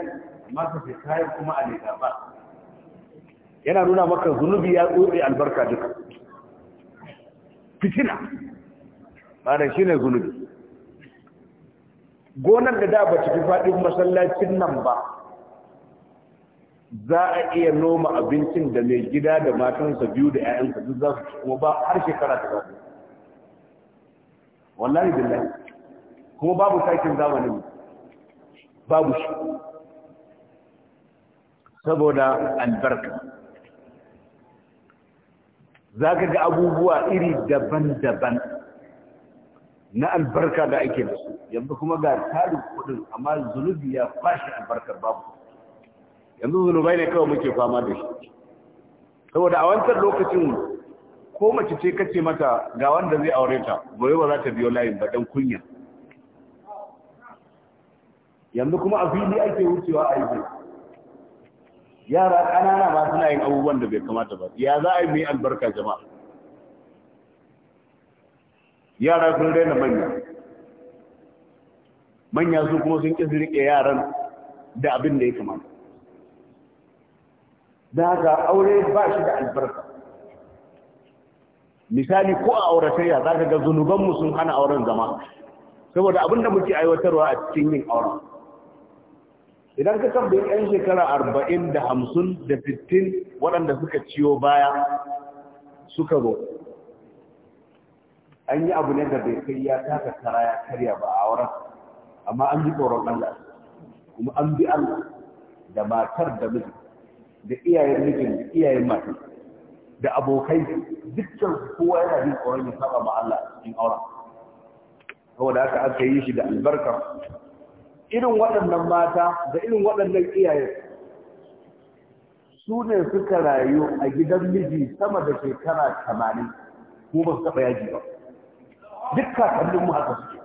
amma ka fi kayan kuma a leda ba yana nuna maka zunubi ya tsotse albarka duka fitina ba da shi ne zunubi gonar da da ba ci faɗin masallacin nan ba za a iya noma abincin da mai gida da matansa biyu da 'ya'yansa duk za su ci kuma ba har shekara ta zafi wallahi billahi kuma babu takin zamanin babu shi saboda albarka za ka ga abubuwa iri daban-daban na albarka da ake da su yanzu kuma ga tarin kudin amma zunubi ya fashi albarkar babu yanzu zunubai ne kawai muke fama da shi saboda a wancan lokacin ko mace ce kace mata ga wanda zai aure ta gobe ba za ta biyo layin ba dan kunya yanzu kuma a fili ake wucewa a yi yara ƙanana ba suna yin abubuwan da bai kamata ba ya za a yi mai albarka jama'a yara sun daina manya manya su kuma sun kisa riƙe yaran da abin da ya kamata da haka aure ba shi da albarka misali ko a auratayya za ka ga zunubanmu sun hana auren zama saboda abin da muke aiwatarwa a cikin yin auren idan ka tabbin yan shekara arba'in da hamsin da fitin waɗanda suka ciyo baya suka zo an yi abu ne da bai kai ya taka tara, ya karya ba a wurin amma an ji tsoron Allah kuma an bi Allah da matar da miji da iyayen mijin da iyayen matar da abokai dukkan kowa yana jin tsoron ya saba ma Allah aura saboda haka aka yi shi da albarka irin waɗannan mata da irin waɗannan iyaye su ne suka rayu a gidan miji sama da shekara tamanin ko ba su taɓa yaji ba duk kakanninmu haka suke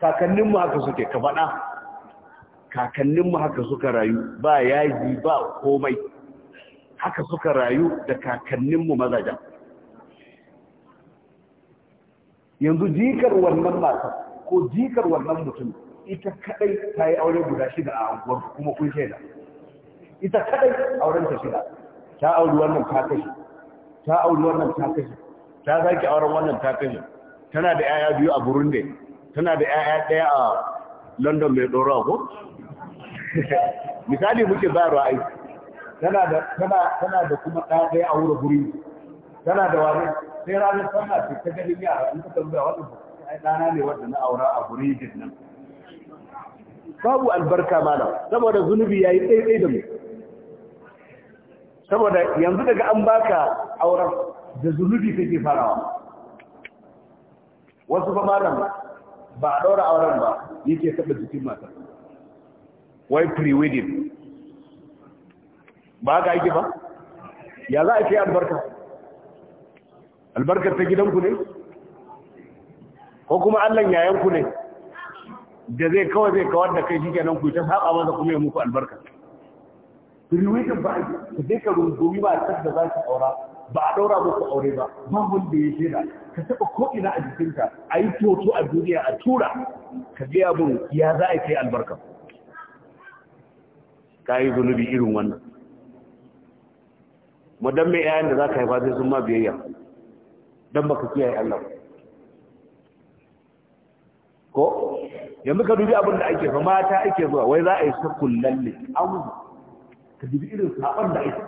kakanninmu haka suke ka faɗa kakanninmu haka suka rayu ba yaji ba komai haka suka rayu da kakanninmu mazajen yanzu jikar wannan mata ko jikar wannan mutum ita kadai ta yi aure guda shida a anguwar kuma kun shaida ita kadai auren ta shida ta auri wannan ta kashe ta auri wannan ta kashe ta zaki auren wannan ta kashe tana da yaya biyu a burundi tana da yaya daya a london mai ɗorawa ko (laughs) misali muke bayarwa aiki tana da tana tana da kuma ɗaya daya a wurin guri tana da wani sai ranar sallah ce ta ganin yara in ka tambaya wannan ai ɗana ne wanda na aura a guri nan babu albarka malam saboda zunubi yayi tsaitsai da mu saboda yanzu daga an baka auren da zunubi take farawa wasu ba malam ba a daura auren ba yake taba jikin mata wai pre-wedding ba ga yake ba ya za a ce albarka albarkar ta gidanku ne ko kuma allan yayanku ne da zai kawai zai kawar da kai nan ku ta saba masa kuma ya muku albarka Rinuwaitan ba ka zai ka rungumi ba a da za su aura ba a ɗaura muku aure ba ba wanda ya shaida ka taɓa ko'ina a jikinka a yi toto a duniya a tura ka biya bin ya za a kai albarka ka yi zunubi irin wannan madan mai yayan da za ka haifa sai sun ma biyayya don ba ka kiyaye Allah ba ko yanzu ka dubi abin da ake fa mata ake zuwa wai za a yi ta lalle an ka dubi irin saban da ake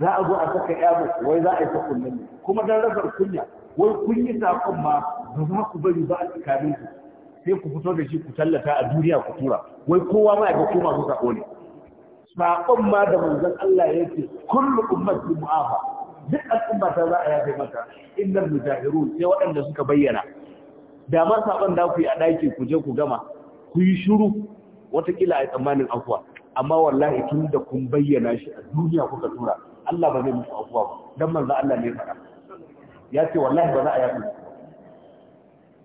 za a zo a saka yamu wai za a yi ta lalle kuma dan rasar kunya wai kun yi sakon ma ba za ku bari ba a tsakanin ku sai ku fito da shi ku tallata a duniya ku tura wai kowa ma ya ga kuma su sako ne sakon ma da manzon Allah yake kullu ummati mu'afa duk al'umma ta za a yafe mata innal mujahirun sai waɗanda suka bayyana da ma saban da ku yi a daki ku je ku gama ku yi shiru watakila a tsammanin afuwa amma wallahi tun da kun bayyana shi a duniya kuka tura Allah ba zai musu afuwa ba dan manzo Allah ne faɗa ya ce wallahi ba za a yafi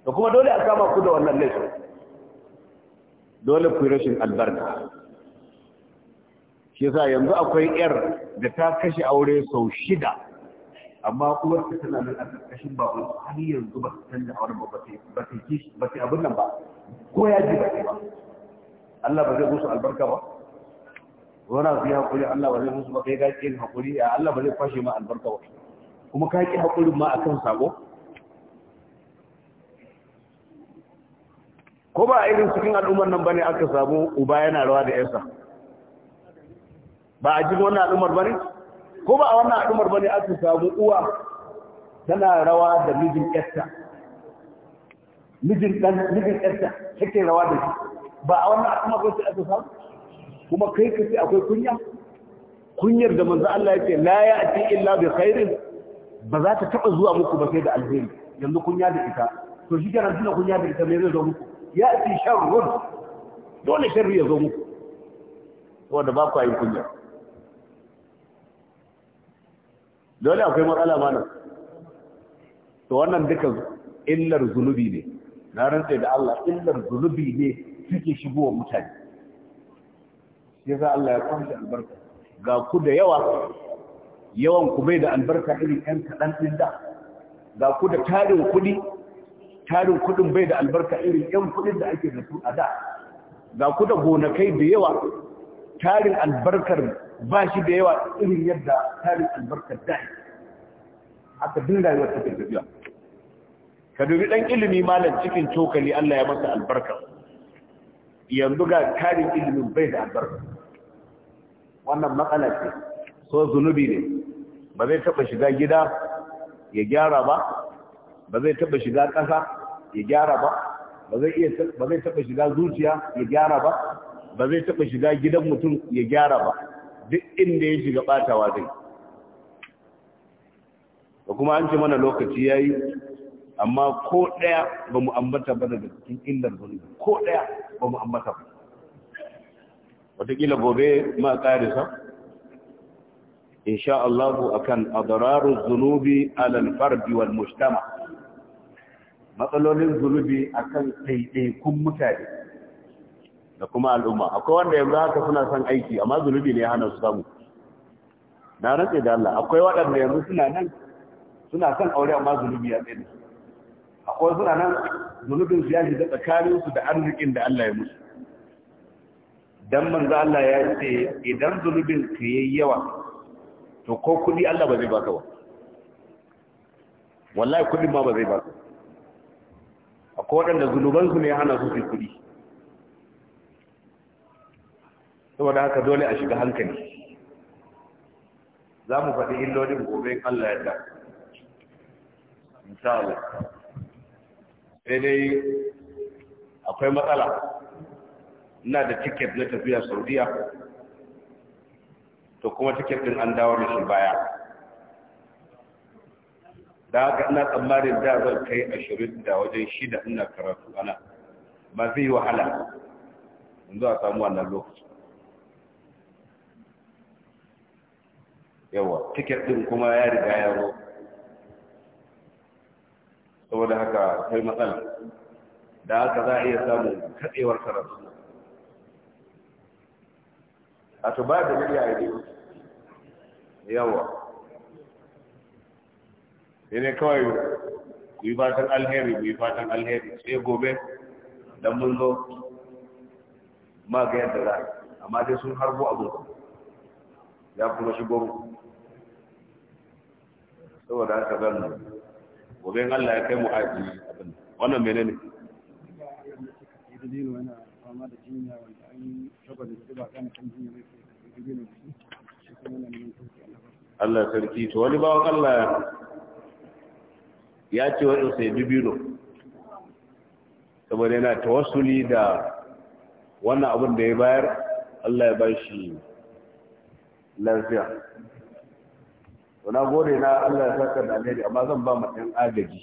da kuma dole a kama ku da wannan laifin dole ku yi rashin albarka shi yasa yanzu akwai yar da ta kashe aure sau shida amma uwar ta tana nan a karkashin babu har yanzu ba ta canza auren ba ba ta ji ba ta abin nan ba ko ya ji ba ta ba Allah ba zai musu albarka ba wani su yi hakuri Allah ba zai musu ba kai ga ƙin hakuri a Allah ba zai kwashe ma albarka ba kuma ka ƙi hakurin ma akan sako ko ba a irin cikin al'ummar nan bane aka samu uba yana rawa da yarsa ba a ji wannan al'ummar bane ko ba a wannan al'ummar bane aka samu uwa tana rawa da mijin yarta mijin dan mijin yarta take rawa da shi ba a wannan al'ummar bane aka samu kuma kai kace akwai kunya kunyar da manzo Allah yake la ya'ti illa bi khairin ba za ta taba zuwa muku ba sai da alheri yanzu kunya da ita to shi kenan tuna kunya da ita me zai zo muku ya'ti sharrun dole sharri ya zo muku wanda ba ku yin kunya dole akwai matsala mana to wannan duka illar zunubi ne na rantse da Allah illar zunubi ne suke shigowa mutane sai za Allah ya kwanta albarka ga ku da yawa yawan ku bai da albarka irin ɗan kaɗan ɗin da ga ku da tarin kuɗi tarin kuɗin bai da albarka irin ɗan kuɗin da ake da su a da ga ku da gonakai da yawa tarin albarkar ba shi da yawa irin yadda tarin albarkar da aka dinga rayuwar ta tafiya ka dubi dan ilimi malam cikin cokali Allah ya masa albarka yanzu ga tarin ilimin bai da albarka wannan matsala ce so zunubi ne ba zai taba shiga gida ya gyara ba ba zai taba shiga kasa ya gyara ba ba zai iya ba zai taba shiga zuciya ya gyara ba ba zai taba shiga gidan mutum ya gyara ba duk inda ya shiga batawa zai da kuma an ce mana lokaci ya yi amma ko ɗaya ba mu ambata ba daga cikin illar zuri ko ɗaya ba mu ambata ba wataƙila gobe ma ƙarisa insha inshaAllahu akan adararun zunubi alal fardi wal mujtama matsalolin zunubi akan ɗaiɗaikun mutane da kuma al'umma akwai wanda yanzu haka suna son aiki amma zunubi ne ya hana su samu na rantse da Allah akwai waɗanda yanzu suna nan suna son aure amma zunubi ya tsaye akwai suna nan zunubin su ya shiga tsakanin su da arzikin da Allah ya musu dan manzo Allah ya ce idan zunubin ka yayi yawa to ko kudi Allah ba zai baka ba wallahi kudin ma ba zai baka akwai waɗanda zunubansu ne ya hana su su kudi saboda haka dole a shiga hankali za mu faɗi illolin gobe Allah ya da misali sai dai akwai matsala ina da tiket na tafiya saudiya to kuma tiket din an dawo da shi baya da haka ina tsammanin da zan kai ashirin da wajen shida ina karatu ana ba zai yi wahala yanzu a samu wannan lokaci yawa tiket din kuma ya riga ya zo saboda haka sai matsala da haka za a iya samun katsewar karatu a to ba da miliya ya biyu yawa sai ne kawai ku yi fatan alheri ku yi fatan alheri sai gobe don mun zo ma ga yadda za amma dai sun harbo abin ya kuma shigo saboda haka zan gobe in Allah ya kai mu aji abin wannan menene Allah sarki to wani bawan Allah ya ce wani sai bibino saboda yana tawassuli da wannan abin da ya bayar Allah ya ba shi lafiya to na gode na Allah ya saka da alheri amma zan ba mu ɗan agaji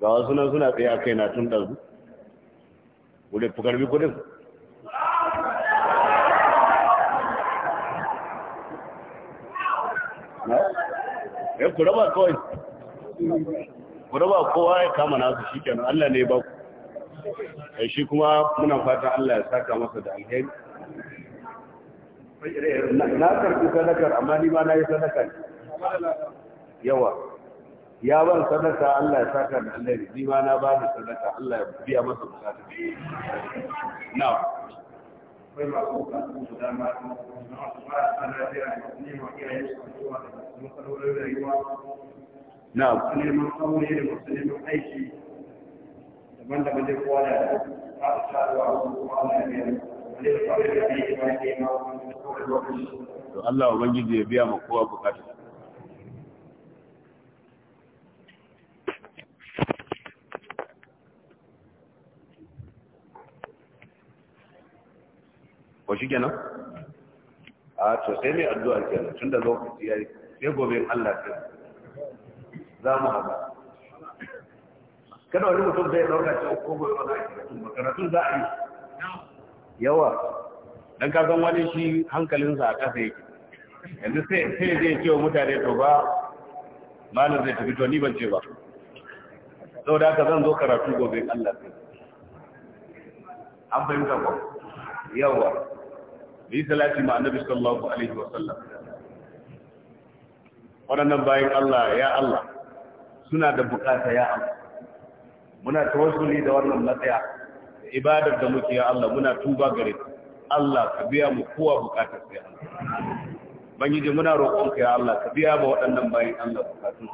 ga wasu nan suna tsaye a kai na tun ɗazu wuri fi karbi kudin ya eh, ku raba kawai ku raba kowa ya kama nasu shi kenan Allah ne ba ku shi kuma muna fatan Allah ya saka masa da alheri na sadakar amma ni yawa ya ban sadaka Allah ya saka da Allah ni ma na ba ni sadaka Allah ya biya masa bukata na kai ma ko ka da ma na ma ko jira da ma da ma kuma matsalolin da na ko aure da ko da ma ko da to Allah ubangiji ya biya ma kowa bukata ko shi kenan a to sai ne addu'a kenan tunda lokaci yayi sai gobe Allah ya za mu haɗa kada wani mutum zai dauka cewa ko gobe ba za a yi karatun za a yi yawa dan ka san wani shi hankalinsa a ƙasa yake yanzu sai sai zai ce wa mutane to ba malam zai tafi to ni ban ce ba saboda haka zan zo karatu gobe Allah sai an fahimta ko yawa bi salati ma annabi sallallahu alaihi wasallam waɗannan bayan Allah ya Allah suna da bukata ya Allah muna tawassuli da wannan matsaya ibadar da muke ya Allah muna tuba gare ka Allah ka biya mu kowa bukatar sai Allah bangiji muna roƙonka ya Allah ka biya ba waɗannan bayan Allah bukatun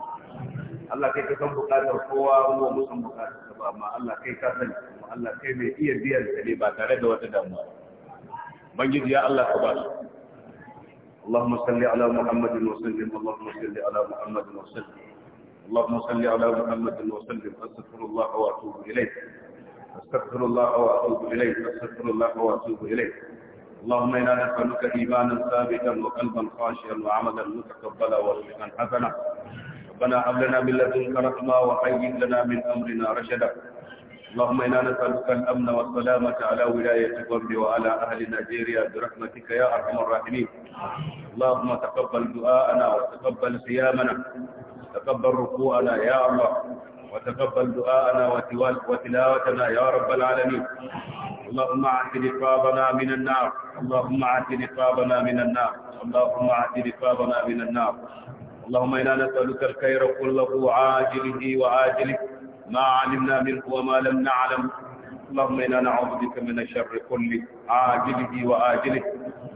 Allah kai ka san bukatar kowa ruwa musan bukatar ka ba amma Allah kai ka sani kuma Allah kai mai iya biyan ka ne ba tare da wata damuwa bangiji ya Allah ka ba su اللهم صل على محمد وسلم اللهم صل على محمد وسلم اللهم صل على محمد وسلم استغفر الله واتوب اليه أستغفر الله وأتوب إليه أستغفر الله وأتوب إليه اللهم إنا نسألك إيمانا ثابتا وقلبا خاشيا وعملا متقبلا ورزقا حسنا ربنا هب لنا من لدنك رحمة وهيئ لنا من أمرنا رشدا اللهم إنا نسألك الأمن والسلامة على ولاية الغرب وعلى أهل نيجيريا برحمتك يا أرحم الراحمين اللهم تقبل دعاءنا وتقبل صيامنا تقبل ركوعنا يا الله وتقبل دعاءنا وتلاوتنا يا رب العالمين اللهم اعت رقابنا من النار اللهم اعت رقابنا من النار اللهم اعت رقابنا من النار اللهم انا نسالك الخير كله عاجله وعاجله ما علمنا منه وما لم نعلم اللهم إنا نعوذ بك من الشر كله عاجله وآجله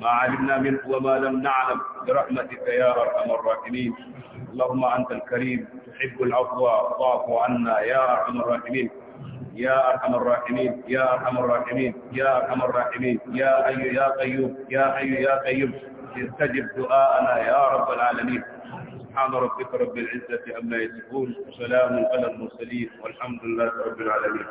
ما علمنا منه وما لم نعلم برحمتك يا أرحم الراحمين اللهم أنت الكريم تحب العفو فاعف عنا يا أرحم الراحمين يا أرحم الراحمين يا أرحم الراحمين يا أرحم الراحمين يا حي يا قيوم يا حي يا قيوم استجب دعاءنا يا رب العالمين سبحان ربك رب العزة عما يصفون وسلام على المرسلين والحمد لله رب العالمين